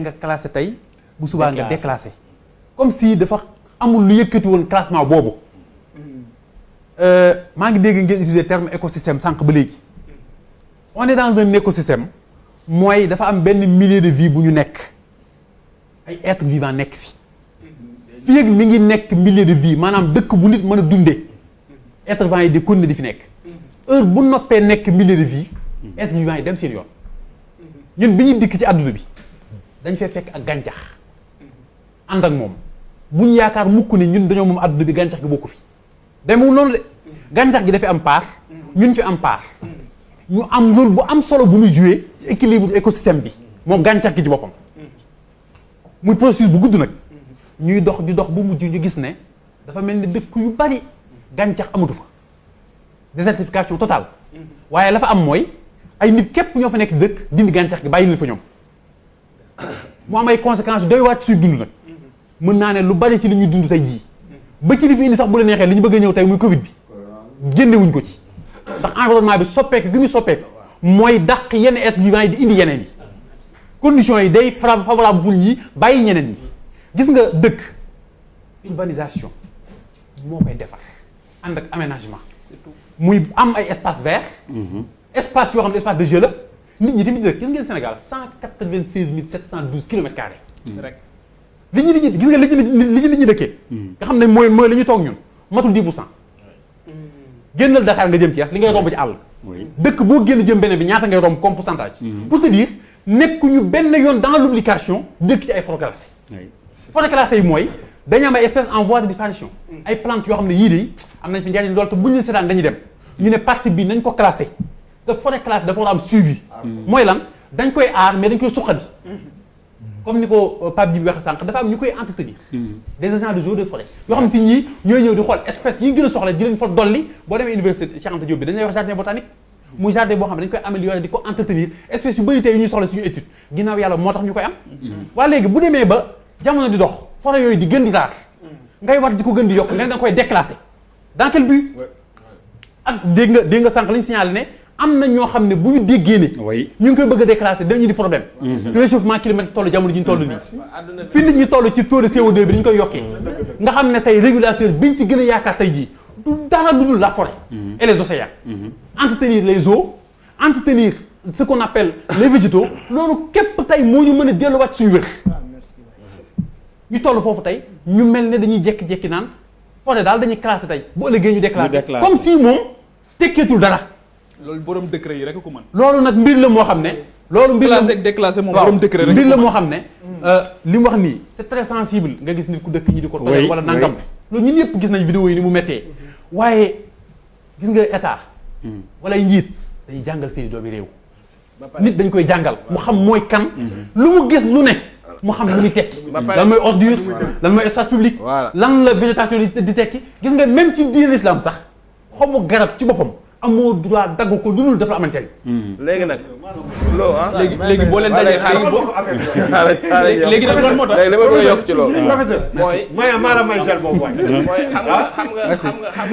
nga classé tey bu subaa nga déclassé comme si dafa amul lu yëkkati woon classement boobu hmm. euh, maa ngi dégg ngeen utiliser terme écosystème sànq ba léegi on est dans un écosystème mooy dafa am benn millier de vie bu ñu nekk ay être vivant nekk fi hmm. fii ak mi ngi nekk milieu de vie maanaam dëkk bu nit mën a dundee être vivant yi di continuer di fi nekk hmm. heure bu noppee nekk milieu de vie être vivant yi dem seen yoon ñun bi ñuy dikk ci àdduna bi dañ fee fekk ak gàncax ànd ak moom buñ yaakaar mukk ni ñun dañoo moom àdduna bi gàncax gi bokk fi day moom noonu de gàncax gi dafa am part ñun fi am part ñu am loolu bu am solo bu muy joué ci équilibre écosystème bi moom gàncax gi ci boppam muy bu gudd nag ñuy dox di dox bu mujj ñu gis ne dafa mel ni dëkk yu bari gàncax amatu fa désertification totale waaye la fa am mooy ay nit képp ñoo fa nekk dëkk dindi gàncax gi bàyyi leen fa ñoom mu am ay conséquences doy waat suy dund nag mën naa ne lu bari ci li ñuy dund tey jii ba ci li fi indi sax bu la neexee li ñu bëgg a ñëw tey muy Covid bi génnewuñ ko ci ndax environnement bi soppeeku gi muy soppeeku mooy daq yenn être yi di indi yeneen yi conditions yi day favorable pour ñi bàyyi ñeneen ñi gis nga dëkk urbanisation moo koy defar ànd ak aménagement muy am ay espace vert mm-hmm. espace yoo xam ne espace de jeu la nit ñi tamit nag gis ngeen Sénégal cent quatre vingt seize mille sept cent douze kilomètres carrés mm. li ñu li ñu gis nga li li mm. nga xam ne mooy mooy li ñu toog ñun matul dix pour cent mm. nga jëm Thiès li ngay romb ci àll dëkk boo génn jëm beneen bi ñaata ngay romb comme pourcentage pour te dire nekkuñu benn yoon dans l'obligation dëkk ci ay forêt classée forêt classée yi mooy dañu am ay espèces en voie de disparition ay plantes yoo xam ne yii de am nañ fi njariñ lool te buñ leen seetaan dañuy dem ñu ne partie bii nañ ko classé te forêt classée dafa war a am suivi. mooy lan dañ koy aar mais dañ koy suqali. comme ni ko euh, Pape Djibi waxee sànq dafa am ñu koy entretenir. des agents de jour de forêt. yoo ñëw di xool espèce yi a soxla di leen fa dolli boo demee université Cheikh Anta Diop bi dañ koy di ko entretenir espèce yu bëri tey ñuy soxla suñu étude ginnaaw yàlla moo tax ñu koy am. waa léegi bu demee ba jamono di dox forêt yooyu di gën di daar ngay war di ko gën di yokk nga ne da koy koy déclasser dans quel but. ak dégg nga dégg nga sànq li ñu signalé ne am na ñoo xam ne bu ñu déggee ne. ñu ngi koy bëgg a déclasser dañu di problème. Mhm. réchauffement climatique toll jamono ji ñu toll nii. fi nit ñi toll ci taux de CO2 bi ñu koy yokkee. nga xam ne tey régulateur biñ ci gën a yaakaar tey jii du dara lu dul la forêt. Mhm. et les océans. Mhm. entretenir les eaux entretenir ce qu'on appelle les végétaux loolu képp tey moo ñu mën a delluwaat suñu wér. ñu toll foofu tey ñu mel ne dañuy jékki-jékki naan forêt daal dañuy classé tey bu ëllëgee ñu déclassé. comme si moom tekkeetul dara. loolu borom décret yi rek ko mën. loolu nag mbir la moo xam ne. loolu mbir la classé déclassé moom borom la moo xam ne. Mm. Euh, li mu wax nii c'est très sensible nga gis nit ku dëkk ñi di ko. tojal wala nangam. loolu ñun ñëpp gis nañ vidéo yi ni mu méttee. Mm-hmm. waaye gis nga état. Mm. wala njiit dañuy jàngal seen doomi réew. nit dañ koy jàngal mu xam mooy kan. Mm-hmm. lu mu gis lu ne. mu xam lu muy tekki. lan mooy ordure lan mooy espace public. lan la végétation di tekki gis nga même ci diine l'islam sax xobu garab ci boppam. amoo droit dagg ko lu dul dafa am njëriñ. Hmm. léegi nag. loo ah léegi léegi boo leen dajee xaalis boo. léegi nag loolu moo tax léegi li ma bëgg a yokk ci loolu. professeur mooy. mooy maanaam may gel boobu waay. mooy xam nga xam nga xam nga